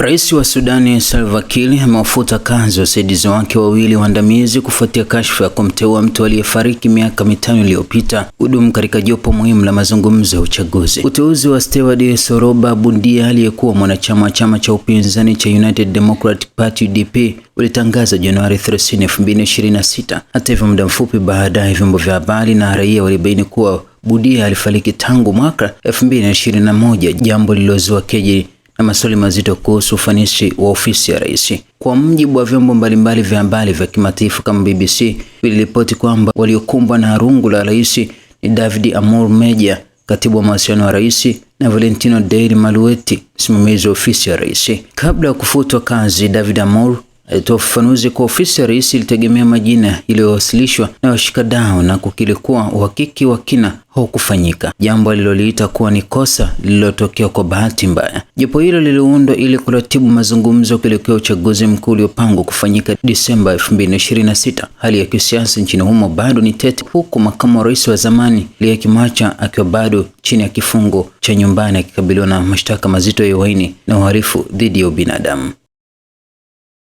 Rais wa Sudani Salva Kiir amewafuta kazi wasaidizi wake wawili waandamizi kufuatia kashfa ya kumteua mtu aliyefariki miaka mitano iliyopita hudumu katika jopo muhimu la mazungumzo ya uchaguzi. Uteuzi wa Stewart Soroba Bundia aliyekuwa mwanachama wa chama cha upinzani cha United Democratic Party UDP ulitangaza Januari 30, 2026. Hata hivyo, muda mfupi baadaye vyombo vya habari na raia walibaini kuwa Budia alifariki tangu mwaka 2021, jambo lililozua keji na maswali mazito kuhusu ufanisi wa ofisi ya rais. Kwa mjibu wa vyombo mbalimbali vya habari vya kimataifa kama BBC, viliripoti kwamba waliokumbwa na rungu la rais ni David amor Meja, katibu wa mawasiliano wa rais, na Valentino Deli Malueti, msimamizi wa ofisi ya rais. Kabla ya kufutwa kazi, David Amor alitoa e, ufafanuzi kwa ofisi ya rais ilitegemea majina yaliyowasilishwa na washikadau na kukiri kuwa uhakiki wa kina haukufanyika, jambo aliloliita kuwa ni kosa lililotokea kwa bahati mbaya. Jopo hilo liliundwa ili kuratibu mazungumzo kuelekea uchaguzi mkuu uliopangwa kufanyika Disemba 2026. Hali ya kisiasa nchini humo bado ni tete, huku makamu wa rais wa zamani Lia Kimacha akiwa bado chini ya kifungo cha nyumbani akikabiliwa na mashtaka mazito ya uhaini na uhalifu dhidi ya ubinadamu.